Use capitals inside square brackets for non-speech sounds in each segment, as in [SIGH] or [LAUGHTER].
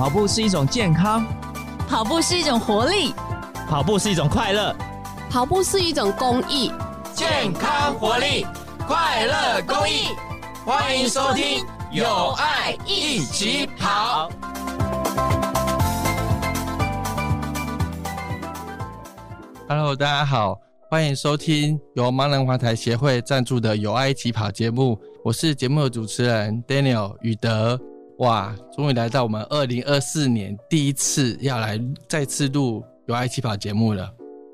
跑步是一種健康，跑步是一種活力，跑步是一種快樂，跑步是一種公益。健康、活力、快樂、公益，歡迎收聽《有愛益起跑》。Hello，大家好，歡迎收聽由盲人環台協會贊助的《有愛益起跑》節目，我是節目主持人 Daniel 宇德。哇，終於來到我們二零二四年第一次要來再次錄有愛益起跑節目了。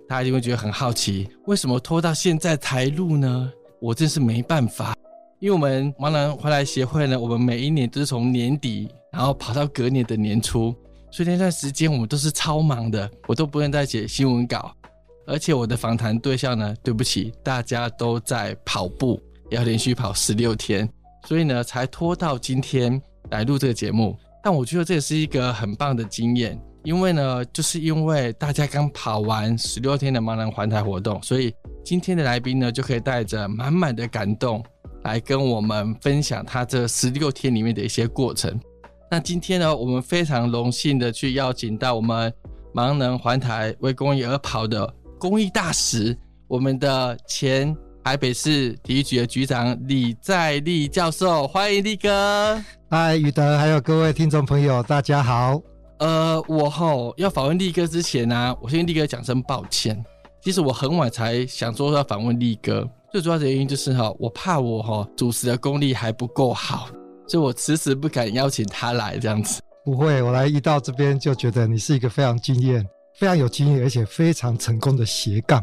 大家一定會覺得很好奇，為什麼拖到現在才錄呢？我真是沒辦法，因為我們盲人回來協會呢，我們每一年都是從年底，然後跑到隔年的年初，所以那段時間我們都是超忙的，我都不能再寫新聞稿，而且我的訪談對象呢，對不起，大家都在跑步，要連續跑十六天，所以呢，才拖到今天。來錄這個節目，但我覺得這也是一個很棒的經驗，因為呢，就是因為大家剛跑完十六天的盲人環台活動，所以今天的來賓呢，就可以帶着滿滿的感動來跟我們分享他這十六天裡面的一些過程。那今天呢，我們非常榮幸的去邀請到我們盲人環台為公益而跑的公益大使，我們的前台北市體育局的局長李再立教授，歡迎立哥。嗨，宇德，還有各位聽眾朋友，大家好。呃，我吼、哦，要訪問立哥之前呢、啊，我先跟立哥講聲抱歉。其實我很晚才想說要訪問立哥，最主要的原因就是哈、哦，我怕我吼、哦、主持的功力還不夠好，所以我遲遲不敢邀請他來這樣子。不會，我來一到這邊就覺得你是一個非常驚艷、非常有經驗而且非常成功的斜槓。 [LAUGHS]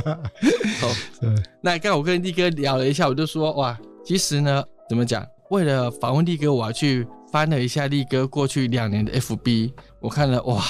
[LAUGHS] 好，對那剛我跟立哥聊了一下，我就說哇，其實呢，怎麼講？為了訪問立哥，我還去翻了一下立哥過去兩年的 FB，我看了哇，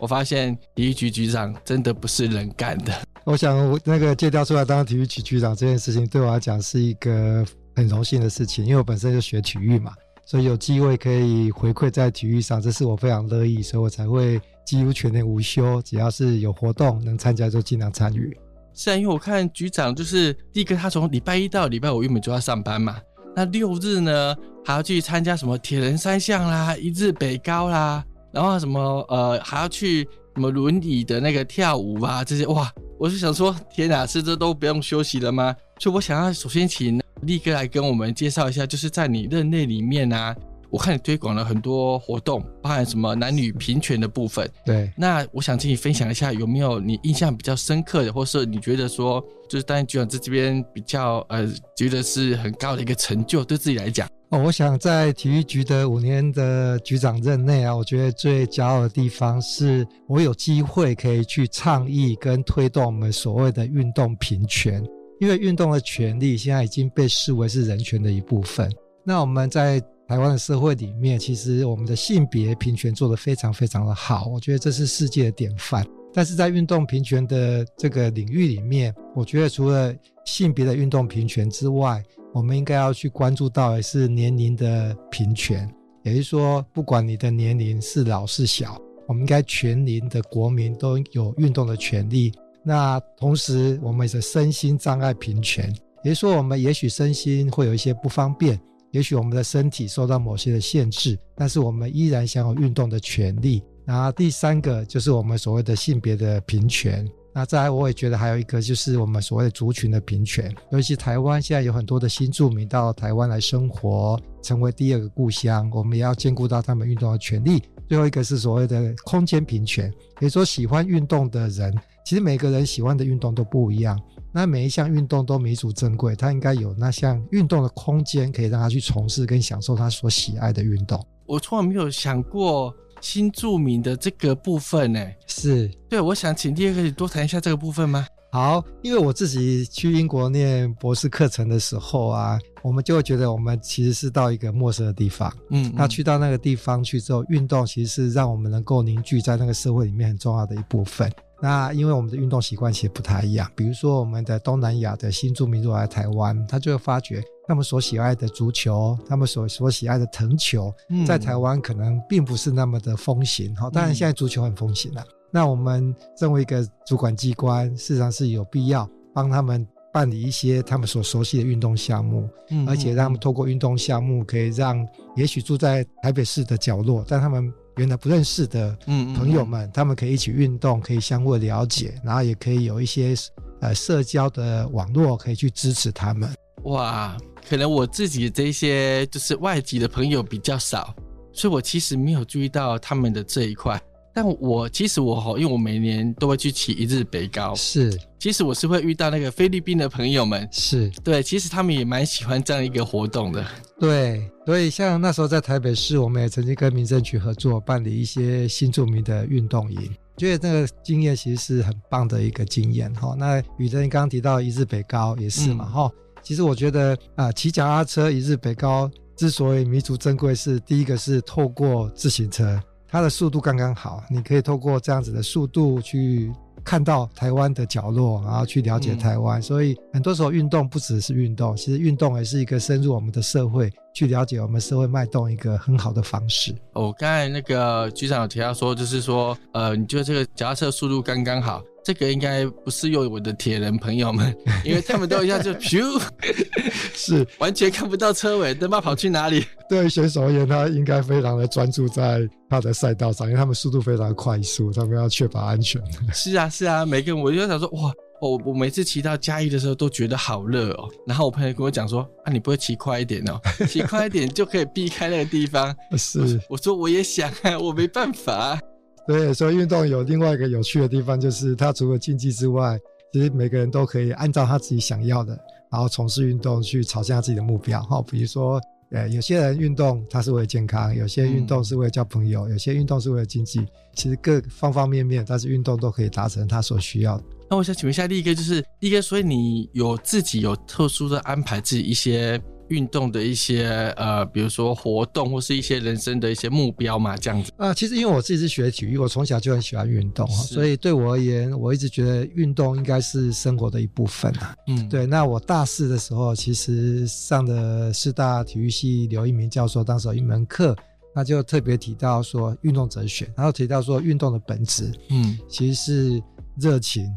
我發現體育局局長真的不是人幹的。我想我那個借調出來當體育局局長這件事情，對我來講是一個很榮幸的事情，因為我本身就學體育嘛，所以有機會可以回饋在體育上，這是我非常樂意，所以我才會幾乎全年無休，只要是有活動能參加就盡量參與。是啊，因為我看局長就是立哥，他從禮拜一到禮拜五因為每週就要上班嘛。那六日呢，還要去參加什麼鐵人三項啦、一日北高啦，然後什麼呃，還要去什麼輪椅的那個跳舞啊，這些哇，我是想說，天啊，是這都不用休息了嗎？所以我想要首先請立哥來跟我們介紹一下，就是在你任內裡面呢、啊。我看你推廣了很多活動，包含什麼男女平權的部分。對，那我想請你分享一下，有沒有你印象比較深刻的，或者是你覺得說就是擔任局長在這邊比較呃覺得是很高的一個成就，對自己來講？哦，我想在體育局的五年的局長任內啊，我覺得最驕傲的地方是我有機會可以去倡議跟推動我們所謂的運動平權，因為運動的權利現在已經被視為是人權的一部分。那我們在台灣的社會裡面，其實我們的性別平權做得非常非常的好，我覺得這是世界的典範。但是在運動平權的這個領域裡面，我覺得除了性別的運動平權之外，我們應該要去關注到的是年齡的平權，也就是說，不管你的年齡是老是小，我們應該全齡的國民都有運動的權利。那同時，我們也是身心障礙平權，也就是說，我們也許身心會有一些不方便。也許我們的身體受到某些的限制，但是我們依然享有運動的權利。那第三個就是我們所謂的性別的平權。那再來，我也覺得還有一個就是我們所謂的族群的平權。尤其台灣現在有很多的新住民到台灣來生活，成為第二個故鄉，我們也要兼顧到他們運動的權利。最後一個是所謂的空間平權，也就是說喜歡運動的人，其實每個人喜歡的運動都不一樣。那每一項運動都彌足珍貴，他應該有那項運動的空間，可以讓他去從事跟享受他所喜愛的運動。我從來沒有想過新住民的這個部分。哎是，是對，我想請你也可以多談一下這個部分嗎？好，因為我自己去英國唸博士課程的時候啊，我們就會覺得我們其實是到一個陌生的地方。嗯，嗯，那去到那個地方去之後，運動其實是讓我們能夠凝聚在那個社會裡面很重要的一部分。那因為我們的運動習慣其實不太一樣，比如說我們的東南亞的新住民如果來台灣，他就會發覺他們所喜愛的足球，他們所所喜愛的藤球，嗯、在台灣可能並不是那麼的風行哈、哦。當然現在足球很風行了、啊。嗯、那我們身為一個主管機關，事實上是有必要幫他們辦理一些他們所熟悉的運動項目，嗯嗯、而且讓他們透過運動項目，可以讓也許住在台北市的角落，但他們。原來不認識的朋友們，嗯嗯嗯他們可以一起運動，可以相互了解，然後也可以有一些呃社交的網絡可以去支持他們。哇，可能我自己這一些就是外籍的朋友比較少，所以我其實沒有注意到他們的這一塊。但我，其實我哈，因為我每年都會去騎一日北高，是。其實我是會遇到那個菲律賓的朋友們，是對，其實他們也蠻喜歡這樣一個活動的。對，所以像那時候在台北市，我們也曾經跟民政局合作辦理一些新住民的運動營，覺得這個經驗其實是很棒的一個經驗哈。那宇珍剛剛提到一日北高也是嘛哈、嗯，其實我覺得啊，騎、呃、腳踏車一日北高之所以彌足珍貴，是第一個是透過自行車。它的速度剛剛好，你可以透過這樣子的速度去看到台灣的角落，然後去了解台灣。嗯、所以很多時候運動不只是運動，其實運動也是一個深入我們的社會去了解我們社會脈動一個很好的方式。我剛，哦，剛才那個局長有提到說，就是說，呃，你覺得這個夾車速度剛剛好，這個應該不適用我的鐵人朋友們，因為他們都一下就咻， [LAUGHS] 是完全看不到車尾，他媽跑去哪裡？對選手而言，他應該非常的專注在他的賽道上，因為他們速度非常的快速，他們要確保安全。是啊，是啊，每個人我就想說，哇。我、哦、我每次騎到嘉義的時候都覺得好熱哦，然後我朋友跟我講說啊，你不會騎快一點哦，騎快一點就可以避開那個地方。 [LAUGHS] 是，我，我說我也想啊，我沒辦法、啊。對，所以運動有另外一個有趣的地方，就是它除了競技之外，其實每個人都可以按照他自己想要的，然後從事運動去朝向自己的目標。哈，比如說，呃，有些人運動他是為了健康，有些運動是為了交朋友，嗯、有些運動是為了經濟，其實各方方面面，但是運動都可以達成他所需要的。那我想請問一下，立哥就是，立哥，所以你有自己有特殊的安排，自己一些運動的一些呃，比如說活動或是一些人生的一些目標嘛，這樣子啊、呃？其實因為我自己是學體育，我從小就很喜歡運動，是所以對我而言，我一直覺得運動應該是生活的一部分啊。嗯，對。那我大四的時候，其實上的師大體育系劉一鳴教授當時有一門課，那就特別提到說運動哲學，然後提到說運動的本質，嗯，其實是熱情。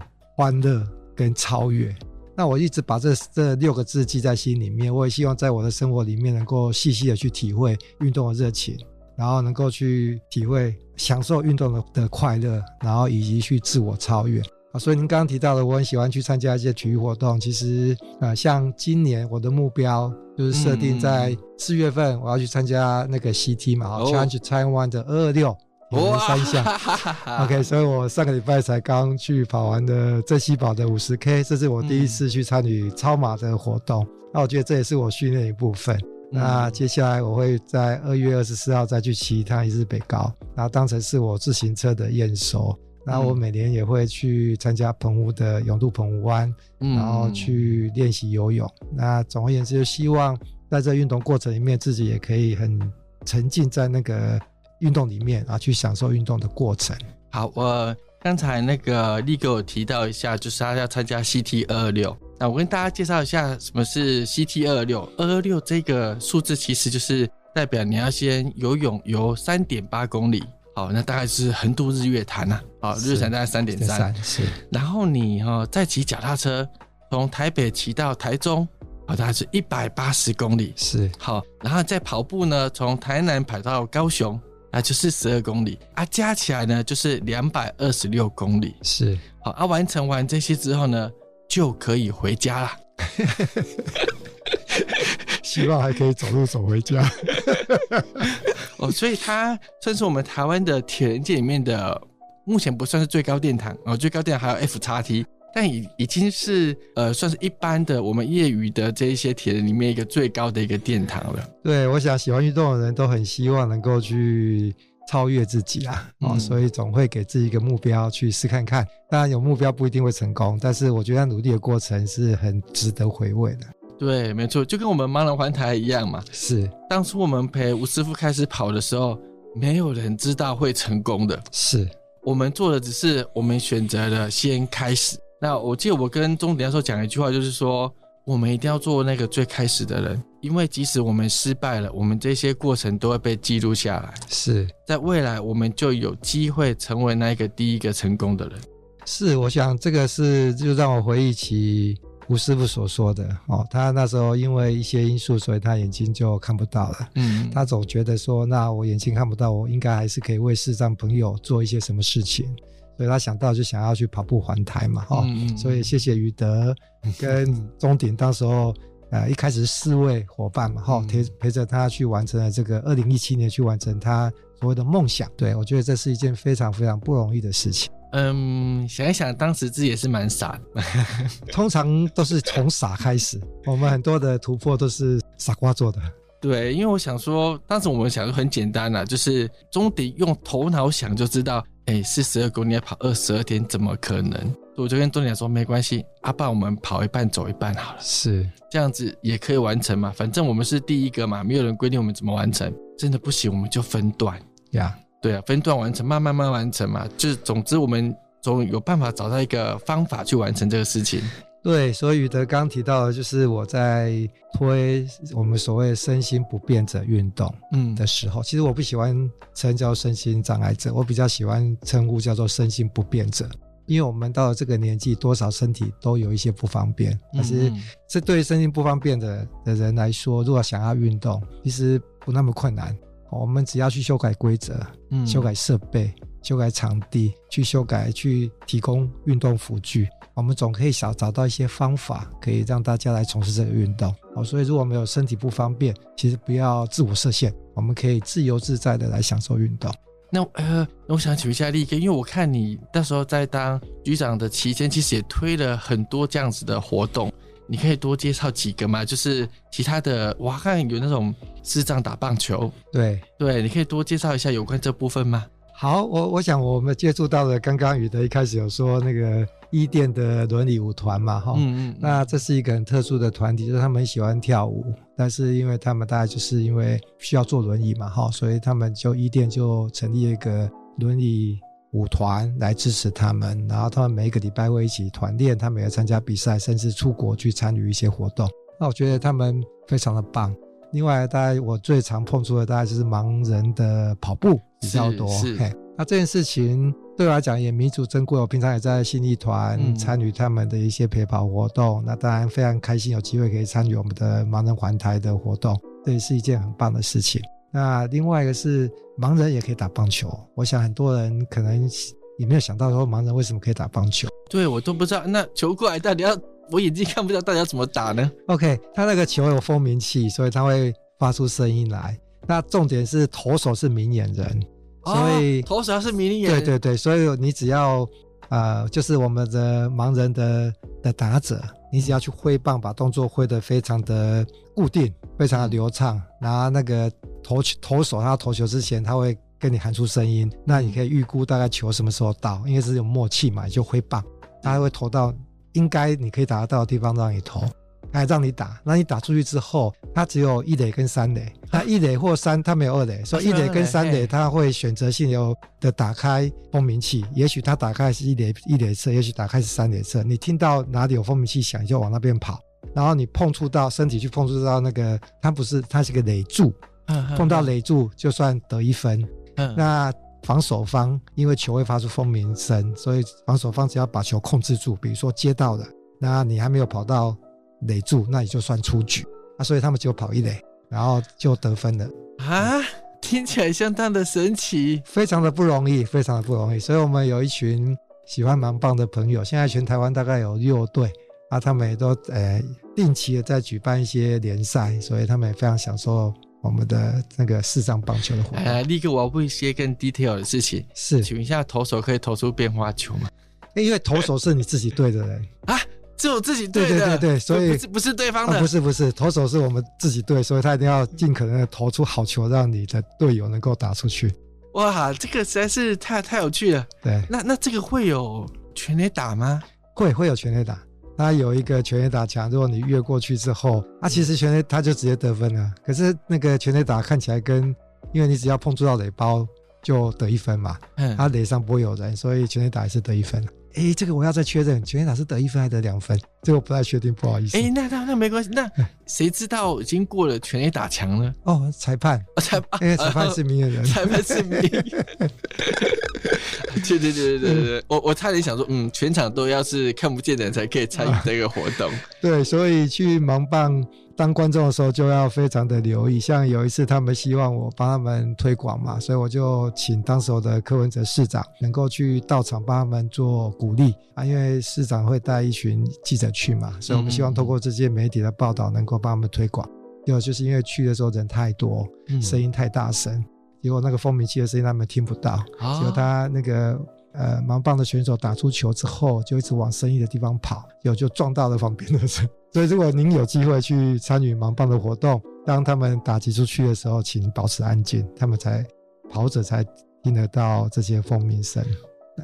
歡樂跟超越，那我一直把這這六個字記在心裡面。我也希望在我的生活裡面能夠細細的去體會運動的熱情，然後能夠去體會享受運動的的快樂，然後以及去自我超越啊。所以您剛剛提到的，我很喜歡去參加一些體育活動。其實啊、呃，像今年我的目標就是設定在四月份，我要去參加那個 CT 嘛、嗯、，Challenge Taiwan 的二二六。嗯、三項哈。o、okay, k 所以我上個禮拜才剛去跑完的鎮西堡的五十 K，這是我第一次去參與超馬的活動。嗯、那我覺得這也是我訓練的一部分。嗯、那接下來我會在二月二十四號再去騎一趟一日北高，然後當成是我自行車的驗收。那、嗯、我每年也會去參加澎湖的泳渡澎湖灣，然後去練習游泳。嗯、那總而言之，就希望在這運動過程裡面，自己也可以很沉浸在那個。運動裡面啊，去享受運動的過程。好，我剛才那個立哥有提到一下，就是他要參加 CT 二二六。那我跟大家介紹一下，什麼是 CT 二二六？二二六這個數字其實就是代表你要先游泳游三點八公里，好，那大概是橫渡日月潭吶。啊，好，日月潭大概三點三，是。3. 3, 是然後你哈、哦、再騎腳踏車從台北騎到台中，好大概是一百八十公里，是。好，然後再跑步呢，從台南跑到高雄。那就是十二公里啊，加起來呢就是兩百二十六公里。是好、哦、啊，完成完這些之後呢，就可以回家了。 [LAUGHS] [LAUGHS] 希望還可以走路走回家。 [LAUGHS] 哦，所以它算是我們台灣的鐵人界裡面的，目前不算是最高殿堂哦，最高殿堂還有 F 叉 T。但已已經是呃，算是一般的我們業餘的這一些鐵人裡面一個最高的一個殿堂了。對，我想喜歡運動的人都很希望能夠去超越自己啊，嗯。所以總會給自己一個目標去試看看。當然有目標不一定會成功，但是我覺得他努力的過程是很值得回味的。對，沒錯，就跟我們盲人環台一樣嘛。是，當初我們陪吳師傅開始跑的時候，沒有人知道會成功的。是，我們做的只是我們選擇了先開始。那我記得我跟鍾鼎教授講一句話，就是說我們一定要做那個最開始的人，因為即使我們失敗了，我們這些過程都會被記錄下來。是，在未來我們就有機會成為那個第一個成功的人。是，我想這個是就讓我回憶起吳師傅所說的哦，他那時候因為一些因素，所以他眼睛就看不到了。嗯，他總覺得說，那我眼睛看不到，我應該還是可以為視障朋友做一些什麼事情。所以他想到就想要去跑步環台嘛，哈，所以謝謝於德跟鍾鼎，當時候呃一開始四位夥伴嘛，哈陪陪着他去完成了這個二零一七年，去完成他所謂的夢想。對，我覺得這是一件非常非常不容易的事情。嗯，嗯，嗯嗯、想一想，當時自己也是蠻傻的， [LAUGHS] 通常都是從傻開始，我們很多的突破都是傻瓜做的。對，因為我想說，當時我們想的很簡單了，啊，就是鍾鼎用頭腦想就知道。哎，四十二公里要跑二十二天，怎麼可能？所以我就跟尼年說沒關係，阿爸，我們跑一半走一半好了，是這樣子也可以完成嘛？反正我們是第一個嘛，沒有人規定我們怎麼完成，真的不行我們就分段呀，Yeah. 對啊，分段完成，慢慢慢,慢完成嘛，就是總之我們總有辦法找到一個方法去完成這個事情。對，所以宇德剛剛提到的就是我在推我們所謂的身心不便者運動，嗯的時候，嗯、其實我不喜歡稱叫身心障礙者，我比較喜歡稱呼叫做身心不便者，因為我們到了這個年紀，多少身體都有一些不方便，嗯、但是這對於身心不方便的的人來說，如果想要運動，其實不那麼困難，我們只要去修改規則，嗯、修改設備，修改場地，去修改去提供運動輔具。我們總可以少找到一些方法，可以讓大家來從事這個運動。好，所以如果沒有身體不方便，其實不要自我設限，我們可以自由自在的來享受運動。那呃，我想請問一下立哥，因為我看你到時候在當局長的期間，其實也推了很多這樣子的活動，你可以多介紹幾個嘛？就是其他的，我看有那種智障打棒球，對對，你可以多介紹一下有關這部分嗎？好，我我想我們接觸到了，剛剛宇德一開始有說那個。伊甸的輪椅舞團嘛，哈，那這是一個很特殊的團體，就是他們喜歡跳舞，但是因為他們大概就是因為需要坐輪椅嘛，哈，所以他們就伊甸就成立一個輪椅舞團來支持他們，然後他們每個禮拜會一起團練，他們也參加比賽，甚至出國去參與一些活動。那我覺得他們非常的棒。另外，大概我最常碰觸的大概就是盲人的跑步比較多。是是嘿，那這件事情。對來講也彌足珍貴。我平常也在新一團參與他們的一些陪跑活動，嗯、那當然非常開心，有機會可以參與我們的盲人環台的活動，這也是一件很棒的事情。那另外一個是盲人也可以打棒球，我想很多人可能也沒有想到說盲人為什麼可以打棒球？對我都不知道，那球過來到底要我眼睛看不到，大家怎麼打呢？OK，他那個球有風鳴器，所以他會發出聲音來。那重點是投手是明眼人。所以投手是迷你眼，對對對，所以你只要呃，就是我們的盲人的的打者，你只要去揮棒，把動作揮得非常的固定，非常的流暢。拿那個投球投手他投球之前，他會跟你喊出聲音，那你可以預估大概球什麼時候到，因為是有默契嘛，你就揮棒，他還會投到應該你可以打得到的地方讓你投。還讓你打，那你打出去之後，它只有一壘跟三壘，它一壘或三，它沒有二壘，所以一壘跟三壘它會選擇性的打開蜂鳴器，欸、也許它打開是一壘一壘側，也許打開是三壘側，你聽到哪裡有蜂鳴器響，你就往那邊跑，然後你碰觸到身體去碰觸到那個，它不是，它是個壘柱，嗯嗯嗯、碰到壘柱就算得一分。嗯、那防守方因為球會發出蜂鳴聲，所以防守方只要把球控制住，比如說接到的，那你還沒有跑到。壘住，那也就算出局啊，所以他們就跑一壘，然後就得分了啊！嗯、聽起來相當的神奇，非常的不容易，非常的不容易。所以我們有一群喜歡蠻棒的朋友，現在全台灣大概有六隊啊，他們也都呃、定期的在舉辦一些聯賽，所以他們也非常享受我們的那個視障棒球的活動。立哥我要問一些更 detail 的事情，是，請問一下，投手可以投出變化球嗎？欸、因為投手是你自己隊的人、欸、啊。是我自己隊的，對對對，對所以不是，不是對方的，啊、不是不是，投手是我們自己隊，所以他一定要盡可能的投出好球，讓你的隊友能夠打出去。哇，這個實在是太太有趣了。對，那那這個會有全壘打嗎？會會有全壘打，他有一個全壘打牆。如果你越過去之後，他、啊、其實全壘、嗯、他就直接得分了。可是那個全壘打看起來跟因為你只要碰觸到壘包就得一分嘛，嗯，他壘上不會有人，所以全壘打也是得一分。哎、欸，這個我要再確認，全壘打是得一分還是得兩分？這個我不太確定，不好意思。哎、欸，那那那沒關係，那誰知道已經過了全壘打牆呢？哦，裁判，哦、裁判，那裁判是名人，裁判是名人。哦 [LAUGHS] [LAUGHS] 對對對對對對，對、嗯，我我差點想說，嗯，全場都要是看不見的人才可以參與這個活動、啊。對，所以去盲棒當觀眾的時候就要非常的留意。像有一次，他們希望我幫他們推廣嘛，所以我就請當時的柯文哲市長能夠去到場幫他們做鼓勵啊，因為市長會帶一群記者去嘛，嗯、所以我們希望透過這些媒體的報道能夠幫他們推廣。有、嗯、就是因為去的時候人太多，嗯、聲音太大聲。結果那個蜂鳴器的聲音，他們聽不到。結果、哦，他那個呃盲棒的選手打出球之後，就一直往聲音的地方跑，有就撞到了旁邊的人。所以如果您有機會去參與盲棒的活動，當他們打擊出去的時候，請保持安靜，他們才跑者才聽得到這些蜂鳴聲。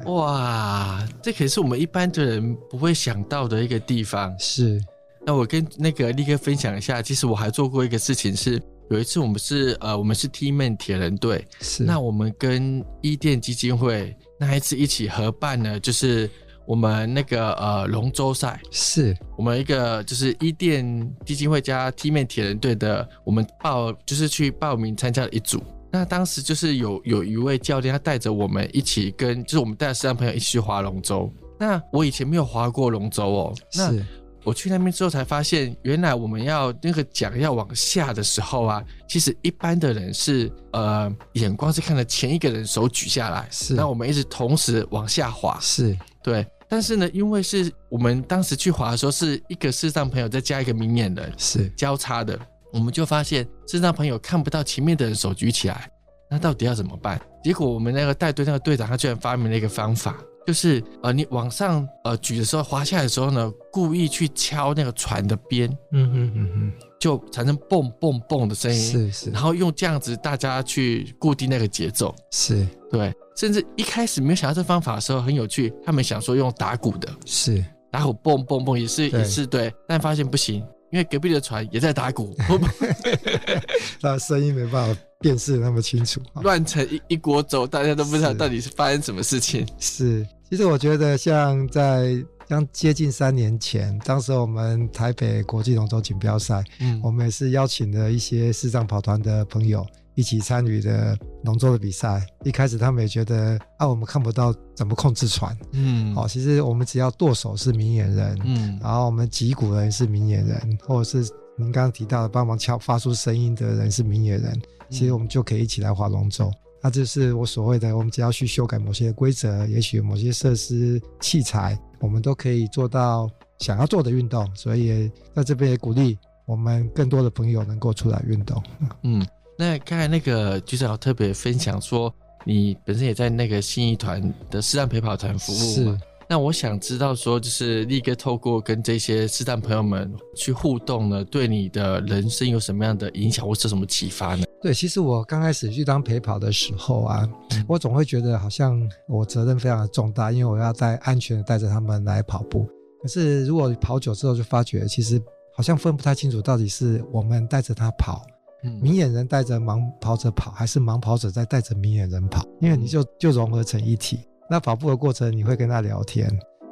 哇，這可是我們一般的人不會想到的一個地方。是，那我跟那個立哥分享一下，其實我還做過一個事情是。有一次，我們是呃，我們是 T-Man 鐵人隊，是。那我們跟伊甸基金會那一次一起合辦呢，就是我們那個呃龍舟賽，是我們一個就是伊甸基金會加 T-Man 鐵人隊的，我們報就是去報名參加了一組。那當時就是有有一位教練，他帶着我們一起跟就是我們帶了視障朋友一起去划龍舟。那我以前沒有划過龍舟哦，那。是我去那邊之後才發現，原來我們要那個槳要往下的時候啊，其實一般的人是呃眼光是看着前一個人手舉下來，是那我們一直同時往下滑，是對。但是呢，因為是我們當時去滑的時候，是一個視障朋友再加一個明眼人，是交叉的，是我們就發現視障朋友看不到前面的人手舉起來，那到底要怎麼辦？結果我們那個帶隊那個隊長他居然發明了一個方法。就是呃，你往上呃舉的時候，滑下來的時候呢，故意去敲那個船的邊，嗯哼嗯嗯嗯，就產生蹦蹦蹦的聲音，是是。是然後用這樣子，大家去固定那個節奏，是對。甚至一開始沒有想到這方法的時候很有趣，他們想說用打鼓的，是打鼓蹦蹦蹦也是也是對，對但發現不行，因為隔壁的船也在打鼓，哈哈哈哈，那聲音沒辦法辨識那麼清楚， [LAUGHS] 亂成一一鍋粥，大家都不知道到底是發生什麼事情，是。是其實我覺得，像在將接近三年前，當時我們台北國際龍舟錦標賽，嗯，我們也是邀請了一些視障跑團的朋友一起參與的龍舟的比賽。一開始他們也覺得，啊，我們看不到怎麼控制船，嗯，哦，其實我們只要舵手是明眼人，嗯，然後我們擊鼓人是明眼人，或者是您剛剛提到的幫忙敲發出聲音的人是明眼人，其實我們就可以一起來划龍舟。那就是我所謂的，我們只要去修改某些規則，也許某些設施器材，我們都可以做到想要做的運動。所以在這邊也鼓勵我們更多的朋友能夠出來運動。嗯，那剛才那個局長特別分享說，你本身也在那個信義團的視障陪跑團服務嗎？是。那我想知道說，就是立哥透過跟這些視障朋友們去互動呢，對你的人生有什麼樣的影響或是有什麼啟發呢？對，其實我剛開始去當陪跑的時候啊，嗯、我總會覺得好像我責任非常的重大，因為我要帶安全的帶着他們來跑步。可是如果跑久之後，就發覺其實好像分不太清楚，到底是我們帶着他跑，嗯，明眼人帶着盲跑者跑，還是盲跑者在帶着明眼人跑，因為你就就融合成一體。嗯、那跑步的過程，你會跟他聊天，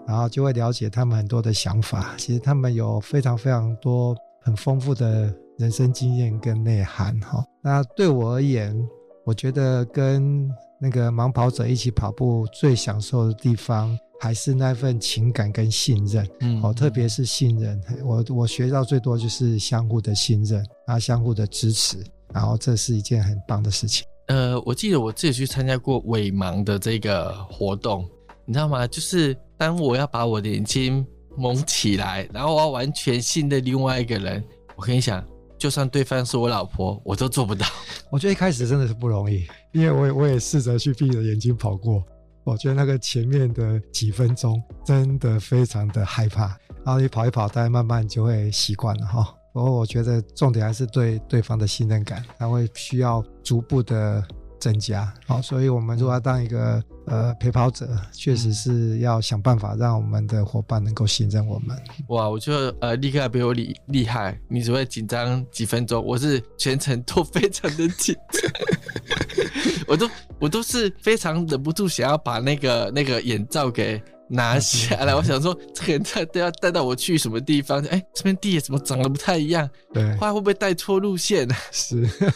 然後就會了解他們很多的想法。其實他們有非常非常多很豐富的。人生經驗跟內涵哈，那對我而言，我覺得跟那個盲跑者一起跑步最享受的地方，還是那份情感跟信任，嗯，嗯，哦，特別是信任。我我學到最多就是相互的信任，啊，相互的支持，然後這是一件很棒的事情。呃，我記得我自己去參加過偽盲的這個活動，你知道嗎？就是當我要把我的眼睛蒙起來，然後我要完全信任另外一個人，我跟你講。就算對方是我老婆，我都做不到。我覺得一開始真的是不容易，因為我也我也試着去閉着眼睛跑過。我覺得那個前面的幾分鐘真的非常的害怕。然後你跑一跑，但慢慢就會習慣了哈。不過我覺得重點還是對對方的信任感，他會需要逐步的。增加，好，所以我們如果要當一個呃陪跑者，確實是要想辦法讓我們的夥伴能夠信任我們。哇，我覺得呃，立哥比我厲厲害，你只會緊張幾分鐘，我是全程都非常的緊張， [LAUGHS] [LAUGHS] 我都我都是非常忍不住想要把那個那個眼罩給。拿下，嗯啊、來，我想說，這個人帶都要帶到我去什麼地方？哎、欸，這邊地怎麼長得不太一樣？對，後來會不會帶錯路線呢、啊？是， [LAUGHS] 是，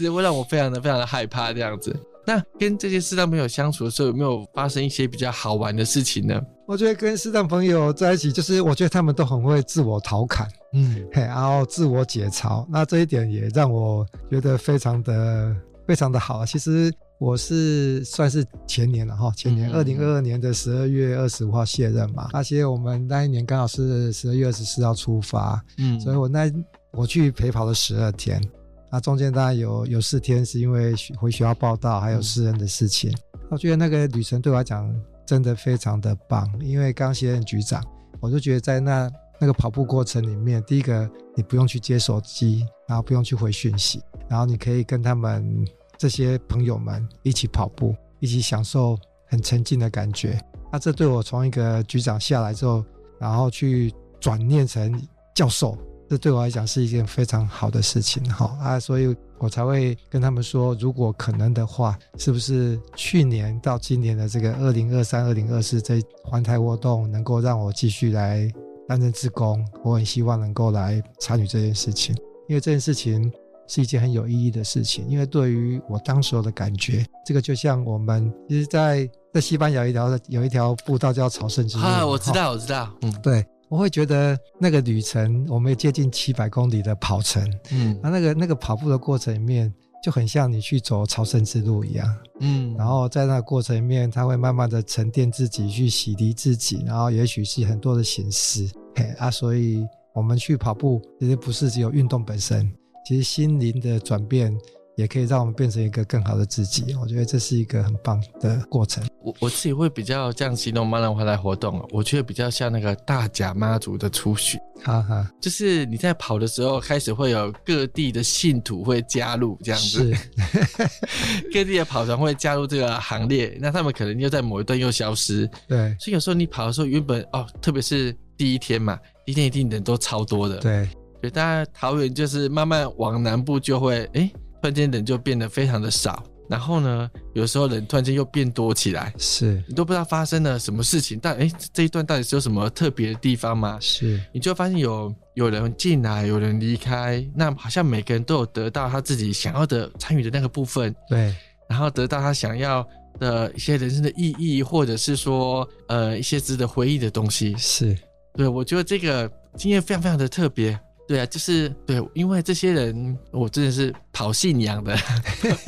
是會讓我非常的非常的害怕這樣子。 [LAUGHS] 那跟這些視障朋友相處的時候，有沒有發生一些比較好玩的事情呢？我覺得跟視障朋友在一起，就是我覺得他們都很會自我調侃，嗯，嘿，然後自我解嘲，那這一點也讓我覺得非常的非常的好啊。其實。我是算是前年了哈，前年二零二二年的十二月二十五號卸任嘛，那些我們那一年剛好是十二月二十四號出發，嗯，所以我那我去陪跑了十二天，那中間當然有有四天是因為回學校報到，還有私人的事情。我覺得那個旅程對我來講真的非常的棒，因為剛卸任局長，我就覺得在那那個跑步過程裡面，第一個你不用去接手機，然後不用去回訊息，然後你可以跟他們。這些朋友們一起跑步，一起享受很沉靜的感覺。那、啊、這對我從一個局長下來之後，然後去轉念成教授，這對我來講是一件非常好的事情。哈啊，所以我才會跟他們說，如果可能的話，是不是去年到今年的這個二零二三、二零二四這環台活動，能夠讓我繼續來擔任志工，我很希望能夠來參與這件事情，因為這件事情，是一件很有意義的事情，因為對於我當時的感覺，這個就像我們其實在在西班牙一條有一條步道叫朝聖之路。啊，我知道，我知道。嗯，對，我會覺得那個旅程，我們有接近七百公里的跑程，嗯，啊，那個那個跑步的過程裡面，就很像你去走朝聖之路一樣，嗯，然後在那個過程裡面，他會慢慢的沉澱自己，去洗滌自己，然後也許是很多的形式。嘿，啊，所以我們去跑步，其實不是只有運動本身。其實心靈的轉變也可以讓我們變成一個更好的自己，我覺得這是一個很棒的過程。我我自己會比較像形容慢的話來活動，我覺得比較像那個大甲媽祖的出巡，哈哈、啊，啊、就是你在跑的時候，開始會有各地的信徒會加入這樣子，是 [LAUGHS] 各地的跑團會加入這個行列，那他們可能又在某一段又消失，對，所以有時候你跑的時候，原本哦，特別是第一天嘛，一天一定人都超多的，對。對，當然桃園就是慢慢往南部就會，哎、欸，突然間人就變得非常的少。然後呢，有時候人突然間又變多起來，是你都不知道發生了什麼事情。但哎、欸，這一段到底是有什麼特別的地方嗎？是，你就會發現有有人進來，有人離開。那好像每個人都有得到他自己想要的參與的那個部分。對，然後得到他想要的一些人生的意義，或者是說呃一些值得回憶的東西。是，對，我覺得這個經驗非常非常的特別。對啊，就是對，因為這些人我真的是跑信仰的。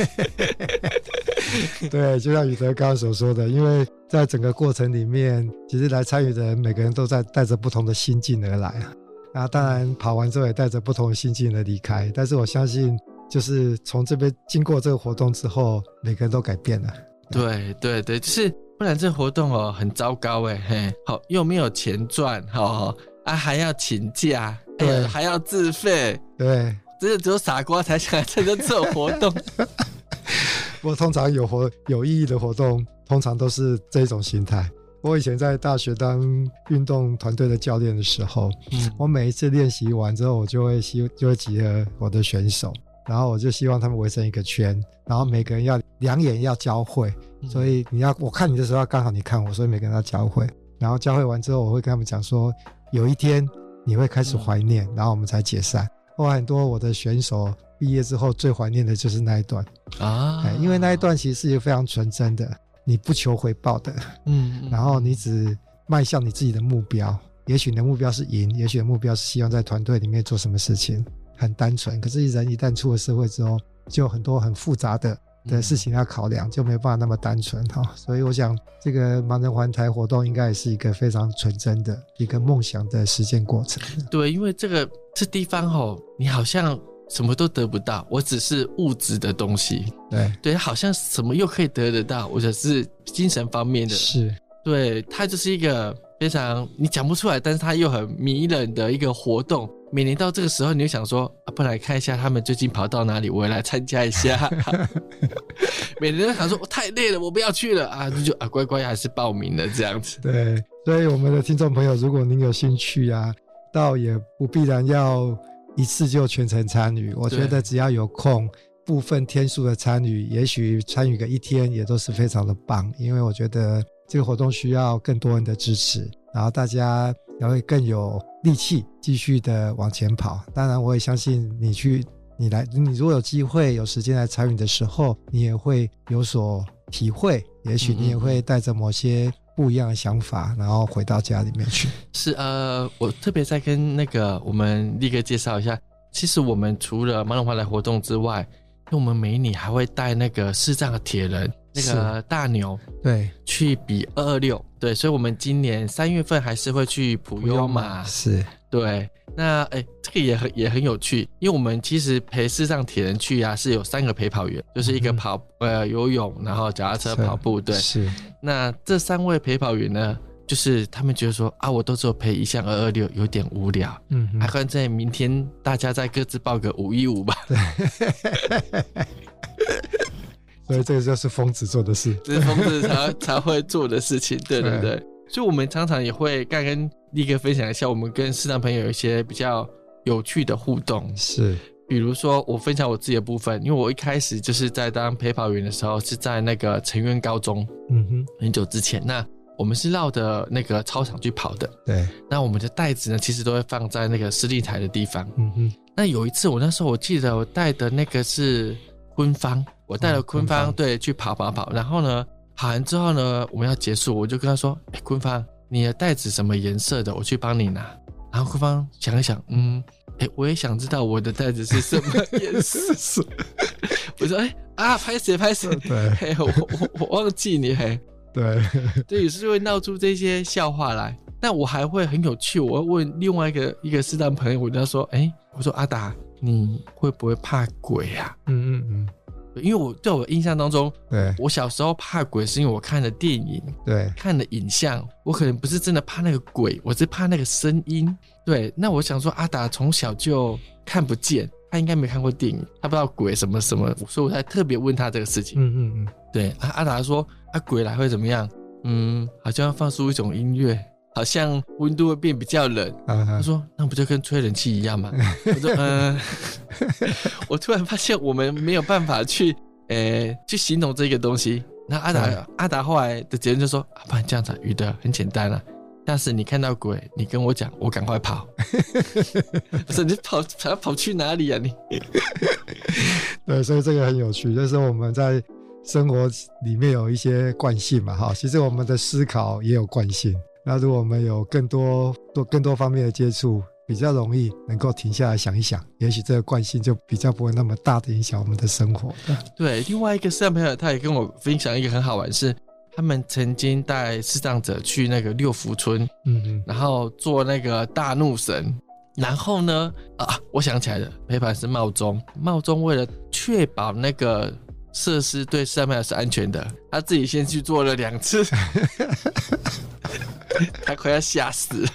[LAUGHS] [LAUGHS] 對，就像宇德剛剛所說的，因為在整個過程裡面，其實來參與的人每個人都在帶着不同的心境而來啊。那當然跑完之後也帶着不同的心境而離開，但是我相信，就是從這邊經過這個活動之後，每個人都改變了。對對對，對，就是不然這活動哦很糟糕哎，好又沒有錢賺，好、嗯哦、啊還要請假。對還要自費，對，真的只有傻瓜才想來參加這種活動。不過 [LAUGHS] 通常有活有意義的活動，通常都是這種心態。我以前在大學當運動團隊的教練的時候，嗯、我每一次練習完之後，我就會集就會集合我的選手，然後我就希望他們圍成一個圈，然後每個人要兩眼要交匯。嗯、所以你要我看你的時候，剛好你看我，所以每個人要交匯。然後交匯完之後，我會跟他們講說，Okay. 有一天。你會開始懷念，嗯、然後我們才解散。後來很多我的選手畢業之後最懷念的就是那一段啊，因為那一段其實是一個非常純真的，你不求回報的，嗯哼，然後你只邁向你自己的目標。也許你的目標是贏，也許你的目標是希望在團隊裡面做什麼事情，很單純。可是人一旦出了社會之後，就有很多很複雜的。的事情要考量，就沒辦法那麼單純哈，所以我想這個盲人環台活動應該也是一個非常純真的一個夢想的實現過程。對，因為這個這地方哈，你好像什麼都得不到，我只是物質的東西。對對，好像什麼又可以得得到，或者是精神方面的。是，對，它就是一個。非常你講不出來，但是它又很迷人的一個活動。每年到這個時候，你就想說：“啊，不來看一下他們最近跑到哪裡？我也來參加一下。” [LAUGHS] [LAUGHS] 每年都想說：“我太累了，我不要去了啊！”就，就啊，乖乖還是報名了這樣子。對，所以我們的聽眾朋友，如果您有興趣啊，倒也不必然要一次就全程參與。我覺得只要有空，部分天數的參與，也許參與個一天也都是非常的棒。因為我覺得。這個活動需要更多人的支持，然後大家也會更有力氣繼續的往前跑。當然，我也相信你去、你來、你如果有機會、有時間來參與的時候，你也會有所體會。也許你也會帶着某些不一樣的想法，嗯嗯然後回到家裡面去。是呃，我特別再跟那個我們立哥介紹一下，其實我們除了馬龍華來的活動之外，因為我們美女還會帶那個視障的鐵人。那個大牛對去比二二六對，所以我們今年三月份還是會去普悠瑪，是，對那哎、欸、這個也很也很有趣，因為我們其實陪視障鐵人去啊，是有三個陪跑員，就是一個跑、嗯、哼呃游泳，然後腳踏車跑步，對是。對是那這三位陪跑員呢，就是他們覺得說啊，我都只有陪一項二二六，有點無聊，嗯哼，還看在明天大家再各自報個五一五吧，對。 [LAUGHS] 所以這個就是瘋子做的事，這是瘋子才會 [LAUGHS] 才會做的事情，對對對。對所以，我們常常也會剛跟立哥分享一下，我們跟視障朋友有一些比較有趣的互動。是，比如說我分享我自己的部分，因為我一開始就是在當陪跑員的時候，是在那個成淵高中，嗯哼，很久之前。那我們是繞着那個操場去跑的，對。那我們的袋子呢，其實都會放在那個司令台的地方，嗯哼。那有一次，我那時候我記得我帶的那個是婚房我帶了坤芳，嗯、對去跑跑跑，然後呢，跑完之後呢，我們要結束，我就跟他說：“欸，坤芳，你的袋子什麼顏色的？我去幫你拿。”然後坤芳想一想，嗯，哎，欸，我也想知道我的袋子是什麼顏色。 [LAUGHS] 是我說：“哎，欸，啊，拍謝，拍謝。”對，欸，我我我忘記你。欸，對，對，也是對就會鬧出這些笑話來。但我還會很有趣，我會問另外一個一個視障朋友，我跟他說：“哎，欸，我說阿達，你會不會怕鬼呀，啊？”嗯嗯嗯。因為我在我的印象當中，對，我小時候怕鬼，是因為我看了電影，對，看了影像，我可能不是真的怕那個鬼，我是怕那個聲音。對，那我想說阿達從小就看不見，他應該沒看過電影，他不知道鬼什麼什麼，所以我才特別問他這個事情。嗯嗯嗯，對，阿阿達說，啊鬼來會怎麼樣？嗯，好像要放出一種音樂。好像溫度會變比較冷、嗯，嗯、他說：“那不就跟吹冷氣一樣嗎？” [LAUGHS] 我說：“嗯、呃。”我突然發現我們沒有辦法去誒、欸、去形容這個東西。那阿達、嗯、阿達後來的結論就說：“阿、啊、不然這樣子，女的很簡單啊。”但是你看到鬼，你跟我講，我趕快跑。 [LAUGHS] 我”不是你跑跑跑去哪裡啊你？你 [LAUGHS] 對，所以這個很有趣。就是我們在生活裡面有一些慣性嘛，哈。其實我們的思考也有慣性。那如果我們有更多多更多方面的接觸，比較容易能夠停下來想一想，也許這個慣性就比較不會那麼大的影響我們的生活。對，對另外一個視障朋友，他也跟我分享一個很好玩的是，是他們曾經帶視障者去那個六福村，嗯嗯哼，然後做那個大怒神，然後呢，啊，我想起來了，陪伴是茂忠，茂忠為了確保那個設施對視障朋友是安全的，他自己先去做了兩次。 [LAUGHS] 他快要嚇死了，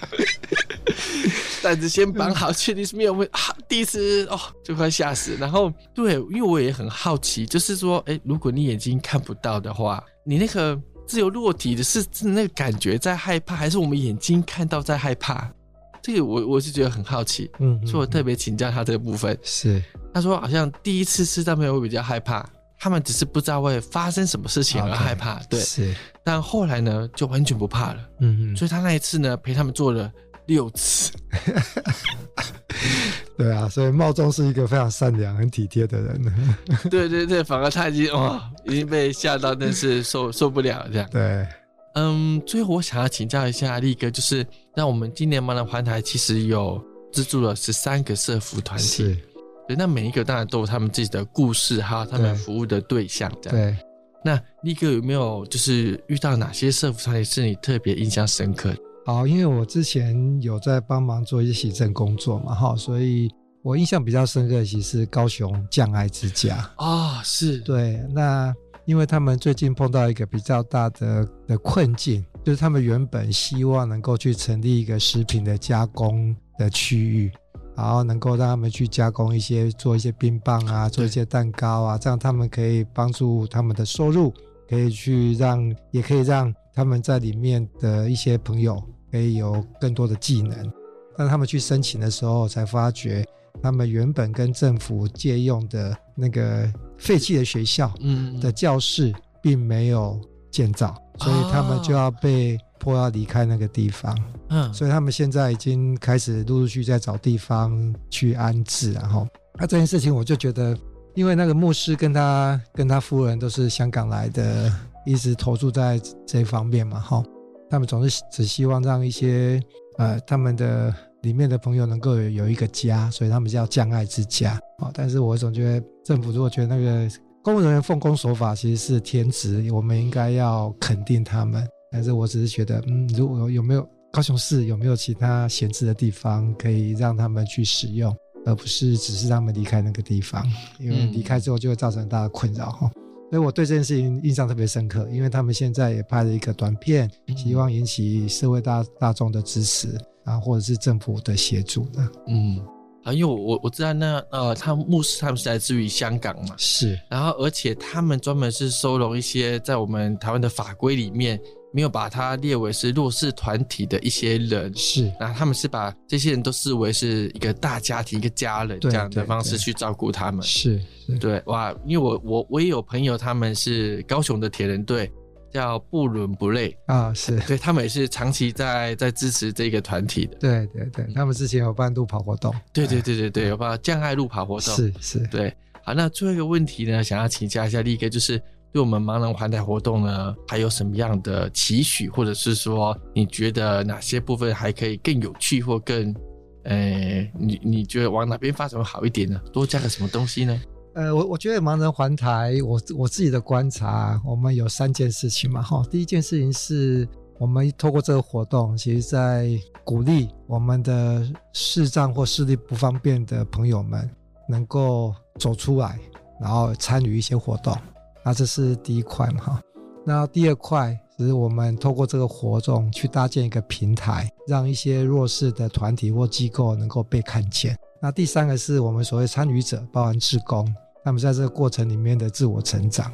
袋子先綁好，確定是沒有問題、啊。第一次哦，就快嚇死了。然後對，因為我也很好奇，就是說誒，如果你眼睛看不到的話，你那個自由落體的是，是那個感覺在害怕，還是我們眼睛看到在害怕？這個我我是覺得很好奇，嗯，所以我特別請教他這個部分。嗯嗯嗯是，他說好像第一次吃蛋朋友會比較害怕。他們只是不知道會發生什麼事情而害怕，okay, 對。是，但後來呢，就完全不怕了。嗯嗯哼。所以他那一次呢，陪他們做了六次。 [LAUGHS] 對啊，所以茂忠是一個非常善良、很體貼的人。 [LAUGHS] 對對對，反而他已經哇，哦哦、已經被嚇到，但是受受不了這樣。對。嗯，最後我想要請教一下立哥，就是那我們今年盲人環台其實有資助了十三個社福團體。對，那每一個當然都有他們自己的故事哈，他們服務的對象對，對那立哥有沒有就是遇到哪些社福團體是你特別印象深刻的？好，因為我之前有在幫忙做一些行政工作嘛哈，所以我印象比較深刻的其實是高雄降礙之家啊、哦，是對。那因為他們最近碰到一個比較大的的困境，就是他們原本希望能夠去成立一個食品的加工的區域。然後能夠讓他們去加工一些，做一些冰棒啊，做一些蛋糕啊，對這樣他們可以幫助他們的收入，可以去讓，也可以讓他們在裡面的一些朋友可以有更多的技能。當他們去申請的時候，才發覺他們原本跟政府借用的那個廢棄的學校的教室並沒有建造，嗯、所以他們就要被。迫要離開那個地方，嗯，所以他們現在已經開始陸陸續續在找地方去安置，然後，那這件事情我就覺得，因為那個牧師跟他跟他夫人都是香港來的，一直投注在這方面嘛，哈，他們總是只希望讓一些呃他們的裡面的朋友能夠有一個家，所以他們叫“將愛之家”哦，但是我總覺得政府如果覺得那個公務人員奉公守法其實是天職，我們應該要肯定他們。但是我只是覺得，嗯，如果有，有沒有高雄市有沒有其他閒置的地方可以讓他們去使用，而不是只是讓他們離開那個地方，因為離開之後就會造成很大的困擾哈。嗯。所以我對這件事情印象特別深刻，因為他們現在也拍了一個短片，希望引起社會大大眾的支持啊，或者是政府的協助的。嗯，啊，因為我我知道那呃，他們牧師他們是來自於香港嘛，是，然後而且他們專門是收容一些在我們台灣的法規裡面，沒有把他列為是弱勢團體的一些人是，那他們是把這些人都視為是一個大家庭、一個家人這樣的方式去照顧他們。是，是對哇，因為我我我也有朋友，他們是高雄的鐵人隊，叫不倫不類啊，是，對他們也是長期在在支持這個團體的。對對對，他們之前有辦路跑活動、嗯，對對對對對，啊、有辦障礙路跑活動。是是，是對。好，那最後一個問題呢，想要請教一下立哥就是。對我們盲人環台活動呢，還有什麼樣的期許，或者是說你覺得哪些部分還可以更有趣，或更，呃，你你覺得往哪邊發展會好一點呢？多加個什麼東西呢？呃，我我覺得盲人環台，我我自己的觀察，我們有三件事情嘛，哈。第一件事情是我們透過這個活動，其實在鼓勵我們的視障或視力不方便的朋友們能夠走出來，然後參與一些活動。那這是第一塊嘛，哈。那第二塊，就是我們透過這個活動去搭建一個平台，讓一些弱勢的團體或機構能夠被看見。那第三個是我們所謂參與者，包含志工，那麼在這個過程裡面的自我成長。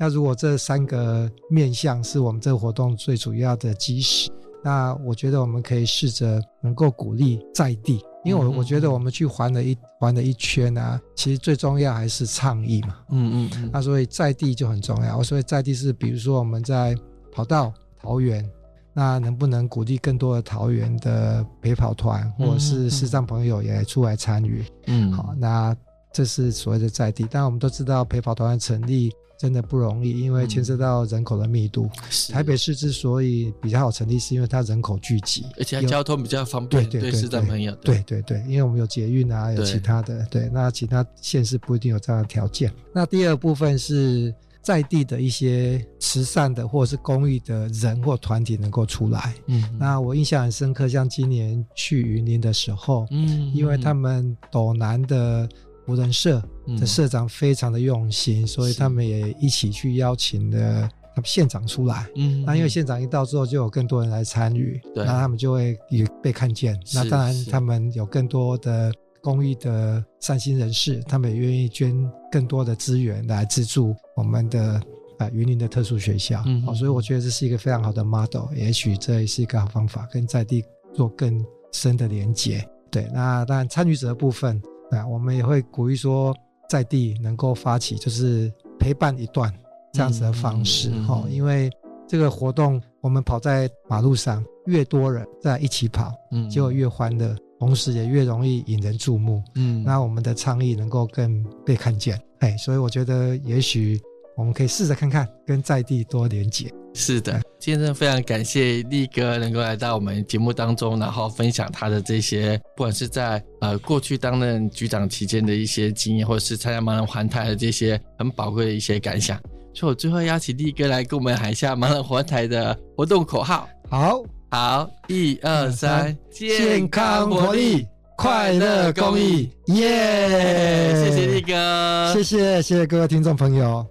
那如果這三個面向是我們這個活動最主要的基石，那我覺得我們可以試着能夠鼓勵在地。因為我，我覺得我們去環了一環了一圈啊，其實最重要還是倡議嘛。嗯嗯、嗯，那所以在地就很重要，所以在地是比如說我們在跑到桃園，那能不能鼓勵更多的桃園的陪跑團或者是視障朋友也出來參與？嗯、嗯。好，那。這是所謂的在地，但我們都知道陪跑團成立真的不容易，因為牽涉到人口的密度。嗯，台北市之所以比較好成立，是因為它人口聚集，而且交通比較方便。對對對，對，對對，對對對，因為我們有捷運啊，有其他的。對，對，那其他縣市不一定有這樣的條件。那第二部分是在地的一些慈善的或者是公益的人或團體能夠出來。嗯，嗯，那我印象很深刻，像今年去雲林的時候，嗯，嗯，因為他們斗南的。無人社的社長非常的用心，嗯、所以他們也一起去邀請了他們縣長出來。嗯，那因為縣長一到之後，就有更多人來參與，嗯、那他們就會也被看見。對那當然，他們有更多的公益的善心人士，他們也願意捐更多的資源來資助我們的啊、呃、雲林的特殊學校。嗯、哦，所以我覺得這是一個非常好的 model，也許這也是一個好方法，跟在地做更深的連接。對，那當然參與者的部分。哎，我們也會鼓勵說，在地能夠發起就是陪伴一段這樣子的方式哈，嗯嗯、因為這個活動我們跑在馬路上，越多人在一起跑，嗯，就越歡樂，同時也越容易引人注目，嗯，那我們的倡議能夠更被看見，哎，所以我覺得也許我們可以試着看看跟在地多連接。是的。先生非常感謝立哥能夠來到我們節目當中，然後分享他的這些，不管是在呃過去擔任局長期間的一些經驗，或者是參加盲人環台的這些很寶貴的一些感想。所以我最後邀請立哥來跟我們喊一下盲人環台的活動口號。好好，一二三，1, 2, 3, 健康活力，活力快樂公益，耶！Yeah! 謝謝立哥，謝謝謝謝各位聽眾朋友。